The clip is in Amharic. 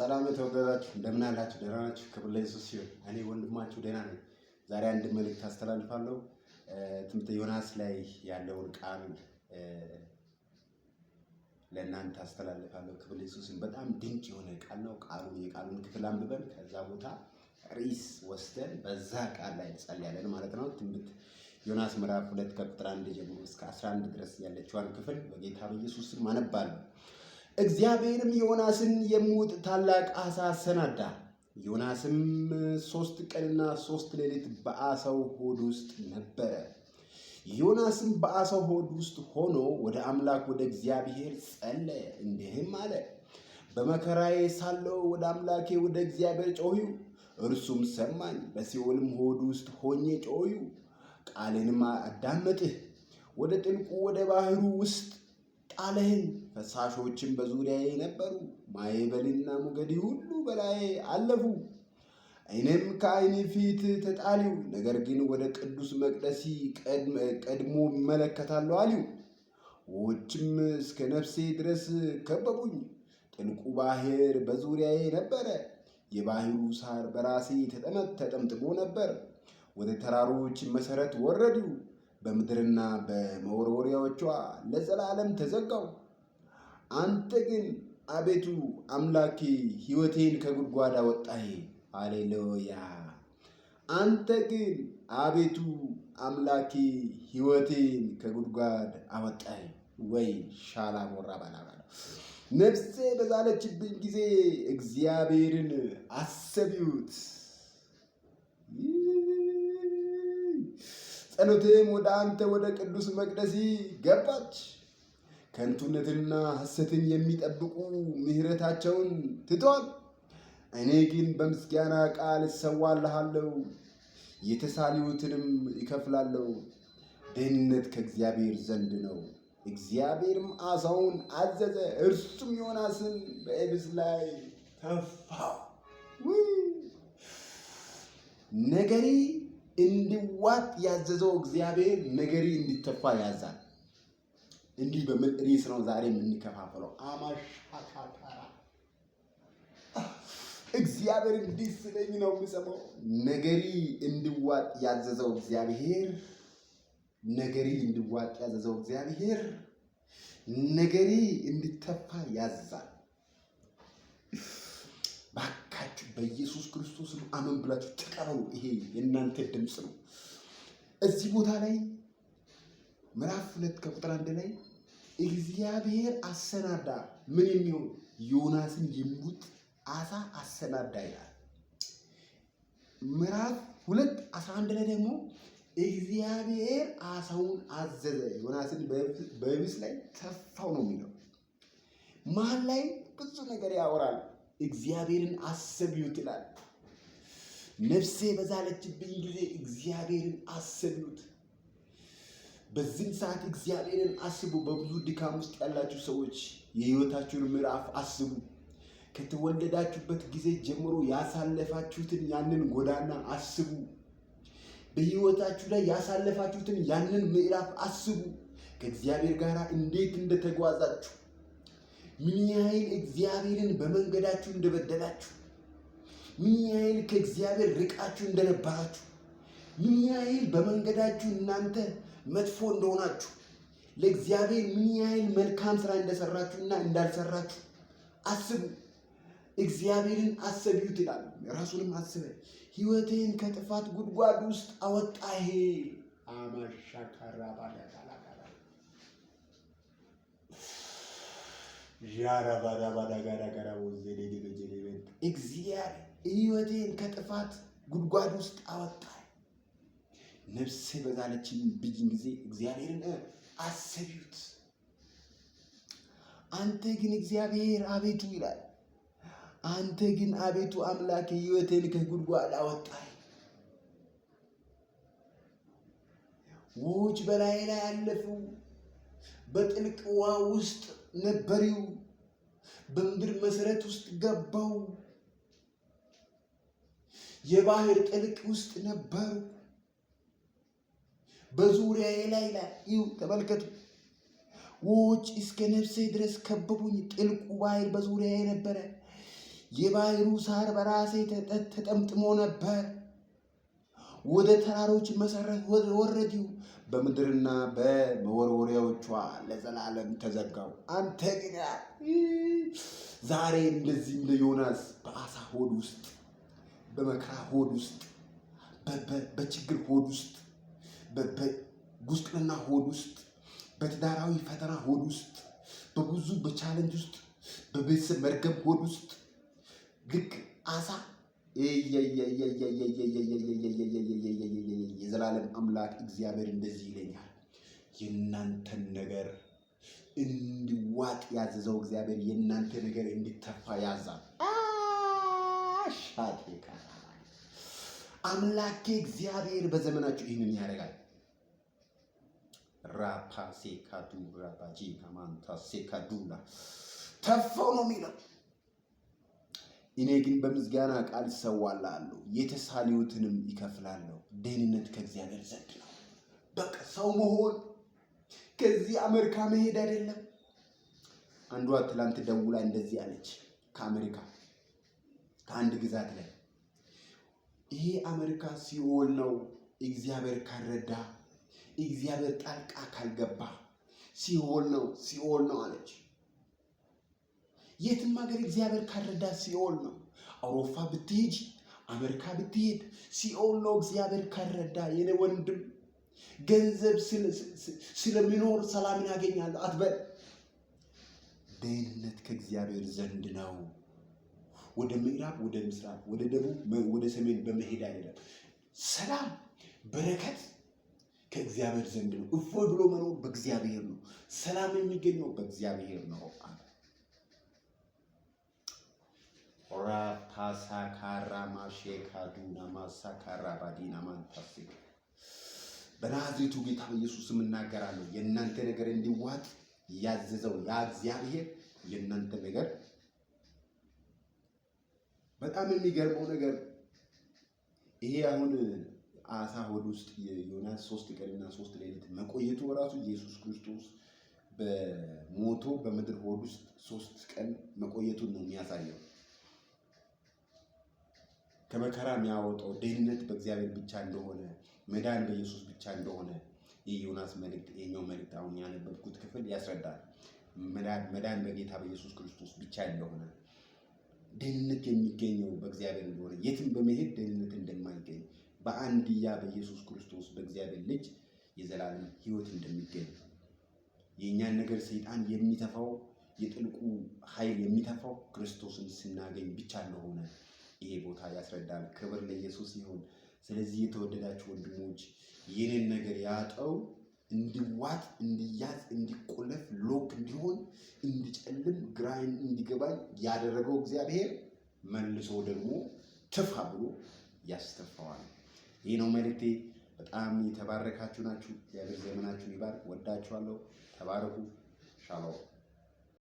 ሰላም የተወደዳችሁ እንደምን አላችሁ? ደህና ናችሁ? ክብር ለኢየሱስ ይሁን። እኔ ወንድማችሁ ደህና ነኝ። ዛሬ አንድ መልእክት አስተላልፋለሁ። ትምህርተ ዮናስ ላይ ያለውን ቃል ለእናንተ አስተላልፋለሁ። ክብር ለኢየሱስ በጣም ድንቅ የሆነ ቃል ነው። ቃሉን የቃሉን ክፍል አንብበን ከዛ ቦታ ርዕስ ወስደን በዛ ቃል ላይ እንጸልያለን ማለት ነው። ትምህርት ዮናስ ምዕራፍ ሁለት ከቁጥር አንድ ጀምሮ እስከ አስራ አንድ ድረስ ያለችዋን ክፍል በጌታ በኢየሱስ ስም አነባለሁ። እግዚአብሔርም ዮናስን የምውጥ ታላቅ አሳ አሰናዳ። ዮናስም ሶስት ቀንና ሶስት ሌሊት በአሳው ሆድ ውስጥ ነበረ። ዮናስም በአሳው ሆድ ውስጥ ሆኖ ወደ አምላክ ወደ እግዚአብሔር ጸለየ፣ እንዲህም አለ በመከራዬ ሳለው ወደ አምላኬ ወደ እግዚአብሔር ጮህዩ፣ እርሱም ሰማኝ። በሲኦልም ሆድ ውስጥ ሆኜ ጮህዩ፣ ቃሌንም አዳመጥህ። ወደ ጥልቁ ወደ ባህሩ ውስጥ አለህን። ፈሳሾችን በዙሪያዬ ነበሩ፣ ማዕበልና ሞገዴ ሁሉ በላዬ አለፉ። አይኔም ከዓይኔ ፊት ተጣሊው፣ ነገር ግን ወደ ቅዱስ መቅደሲ ቀድሞ ይመለከታለሁ አሊው። ውኆችም እስከ ነፍሴ ድረስ ከበቡኝ፣ ጥልቁ ባህር በዙሪያዬ ነበረ። የባህሩ ሳር በራሴ ተጠመት ተጠምጥሞ ነበር። ወደ ተራሮች መሠረት ወረዱ። በምድርና በመወርወሪያዎቿ ለዘላለም ተዘጋው። አንተ ግን አቤቱ አምላኬ ሕይወቴን ከጉድጓድ አወጣህ። አሌሉያ። አንተ ግን አቤቱ አምላኬ ሕይወቴን ከጉድጓድ አወጣህ። ወይ ሻላ ሞራ ባላባ ነፍሴ በዛለችብኝ ጊዜ እግዚአብሔርን አሰቢዩት። ጸሎትም ወደ አንተ ወደ ቅዱስ መቅደስ ገባች። ከንቱነትና ሐሰትን የሚጠብቁ ምሕረታቸውን ትተዋል። እኔ ግን በምስጋና ቃል እሰዋልሃለሁ፣ የተሳልዩትንም ይከፍላለሁ። ደህንነት ከእግዚአብሔር ዘንድ ነው። እግዚአብሔርም አሳውን አዘዘ፣ እርሱም ዮናስን በየብስ ላይ ተፋ። ነገሪ እንዲዋጥ ያዘዘው እግዚአብሔር ነገሪ እንዲተፋ ያዛል። እንዲህ በምጥሪስ ነው ዛሬ የምንከፋፈለው። አማሻካራ እግዚአብሔር እንዲህ ስለኝ ነው የሚሰማው። ነገሪ እንዲዋጥ ያዘዘው እግዚአብሔር ነገሪ እንዲዋጥ ያዘዘው እግዚአብሔር ነገሪ እንዲተፋ ያዛል። እባካችሁ በኢየሱስ ክርስቶስ አመን ብላችሁ ተቀበሉ። ይሄ የእናንተ ድምፅ ነው። እዚህ ቦታ ላይ ምዕራፍ ሁለት ከቁጥር አንድ ላይ እግዚአብሔር አሰናዳ ምን የሚሆን ዮናስን የሚውጥ አሳ አሰናዳ ይላል። ምዕራፍ ሁለት አስራ አንድ ላይ ደግሞ እግዚአብሔር አሳውን አዘዘ ዮናስን በብስ ላይ ተፋው ነው የሚለው መሀል ላይ ብዙ ነገር ያወራል። እግዚአብሔርን አሰብዩት ይላል። ነፍሴ በዛለችብኝ ጊዜ እግዚአብሔርን አሰብዩት። በዚህም ሰዓት እግዚአብሔርን አስቡ። በብዙ ድካም ውስጥ ያላችሁ ሰዎች የህይወታችሁን ምዕራፍ አስቡ። ከተወለዳችሁበት ጊዜ ጀምሮ ያሳለፋችሁትን ያንን ጎዳና አስቡ። በህይወታችሁ ላይ ያሳለፋችሁትን ያንን ምዕራፍ አስቡ። ከእግዚአብሔር ጋር እንዴት እንደተጓዛችሁ ምን ያህል እግዚአብሔርን በመንገዳችሁ እንደበደላችሁ፣ ምን ያህል ከእግዚአብሔር ርቃችሁ እንደነበራችሁ፣ ምን ያህል በመንገዳችሁ እናንተ መጥፎ እንደሆናችሁ፣ ለእግዚአብሔር ምን ያህል መልካም ስራ እንደሰራችሁና እንዳልሰራችሁ አስቡ። እግዚአብሔርን አሰቢዩት ይላል። ራሱንም አስበ ህይወትህን ከጥፋት ጉድጓድ ውስጥ አወጣህ። አማሻካራ ባለታ እግዚአብሔር ሕይወቴን ከጥፋት ጉድጓድ ውስጥ አወጣል። ነፍሴ በዛለችን ብጅን ጊዜ እግዚአብሔርን አንተ ግን እግዚአብሔር አቤቱ ይላል። አንተ ግን አቤቱ አምላክ ሕይወቴን ከጉድጓድ አወጣ ውጭ በላይ ላይ በጥልቅ ውሃ ውስጥ ነበሪው በምድር መሰረት ውስጥ ገባው። የባህር ጥልቅ ውስጥ ነበሩ። በዙሪያ ላይ ይው ተመልከቱ፣ ውጭ እስከ ነፍሴ ድረስ ከበቡኝ። ጥልቁ ባህር በዙሪያ ነበረ። የባህሩ ሳር በራሴ ተጠምጥሞ ነበር። ወደ ተራሮች መሰረት ወረድሁ፣ በምድርና በመወርወሪያዎቿ ለዘላለም ተዘጋው። አንተ ግን ዛሬ እንደ ለዮናስ በአሳ ሆድ ውስጥ፣ በመከራ ሆድ ውስጥ፣ በችግር ሆድ ውስጥ፣ በጉስቅልና ሆድ ውስጥ፣ በትዳራዊ ፈተና ሆድ ውስጥ፣ በብዙ በቻለንጅ ውስጥ፣ በቤተሰብ መርገም ሆድ ውስጥ ልክ አሳ የዘላለም አምላክ እግዚአብሔር እንደዚህ ይለኛል፣ የእናንተን ነገር እንዲዋጥ ያዘዘው እግዚአብሔር የእናንተ ነገር እንዲተፋ ያዛል። ሻቴ አምላኬ እግዚአብሔር በዘመናችሁ ይህንን ያደርጋል። ራፓ ሴካዱራ ባጂ ከማንታ ዱላ ተፋው ነው የሚለው እኔ ግን በምዝጋና ቃል ይሰዋላለሁ የተሳልዩትንም ይከፍላለሁ። ደህንነት ከእግዚአብሔር ዘንድ ነው። በቃ ሰው መሆን ከዚህ አሜሪካ መሄድ አይደለም። አንዷ ትላንት ደውላ እንደዚህ አለች። ከአሜሪካ ከአንድ ግዛት ላይ ይሄ አሜሪካ ሲኦል ነው፣ እግዚአብሔር ካልረዳ፣ እግዚአብሔር ጣልቃ ካልገባ ሲኦል ነው፣ ሲኦል ነው አለች። የትም ሀገር እግዚአብሔር ካልረዳ ሲኦል ነው። አውሮፓ ብትሄጂ፣ አሜሪካ ብትሄድ ሲኦል ነው እግዚአብሔር ካልረዳ። የኔ ወንድም ገንዘብ ስለሚኖር ሰላም ያገኛል አትበል። ደህንነት ከእግዚአብሔር ዘንድ ነው። ወደ ምዕራብ፣ ወደ ምስራቅ፣ ወደ ደቡብ፣ ወደ ሰሜን በመሄድ አይደለም። ሰላም በረከት ከእግዚአብሔር ዘንድ ነው። እፎይ ብሎ መኖር በእግዚአብሔር ነው። ሰላም የሚገኘው በእግዚአብሔር ነው። ራፓሳካራ ማሼካዱና ማሳካራ ባዲና ማንታሴ በናዝሬቱ ጌታ በኢየሱስ የምናገራለሁ። የእናንተ ነገር እንዲዋጥ ያዘዘው ያ እግዚአብሔር የእናንተ ነገር በጣም የሚገርመው ነገር ይሄ አሁን አሳ ሆድ ውስጥ ዮናስ ሶስት ቀንና ሶስት ሌሊት መቆየቱ በራሱ ኢየሱስ ክርስቶስ በሞቶ በምድር ሆድ ውስጥ ሶስት ቀን መቆየቱን ነው የሚያሳየው። ከመከራ የሚያወጣው ድህነት በእግዚአብሔር ብቻ እንደሆነ መዳን በኢየሱስ ብቻ እንደሆነ የዮናስ መልእክት የኛው መልእክት አሁን ያነበብኩት ክፍል ያስረዳል። መዳን በጌታ በኢየሱስ ክርስቶስ ብቻ እንደሆነ ድህነት የሚገኘው በእግዚአብሔር እንደሆነ የትም በመሄድ ድህነት እንደማይገኝ በአንድያ በኢየሱስ ክርስቶስ በእግዚአብሔር ልጅ የዘላለም ሕይወት እንደሚገኝ የእኛን ነገር ሰይጣን የሚተፋው የጥልቁ ኃይል የሚተፋው ክርስቶስን ስናገኝ ብቻ እንደሆነ ይሄ ቦታ ያስረዳል። ክብር ለኢየሱስ ይሁን። ስለዚህ የተወደዳችሁ ወንድሞች ይህንን ነገር ያጠው እንዲዋጥ፣ እንዲያዝ፣ እንዲቆለፍ፣ ሎክ እንዲሆን፣ እንዲጨልም፣ ግራይን እንዲገባኝ ያደረገው እግዚአብሔር መልሶ ደግሞ ትፋ ብሎ ያስተፋዋል። ይህ ነው መልእክቴ። በጣም የተባረካችሁ ናችሁ። እግዚአብሔር ዘመናችሁ ይባርክ። ወዳችኋለሁ። ተባረኩ። ሻሎም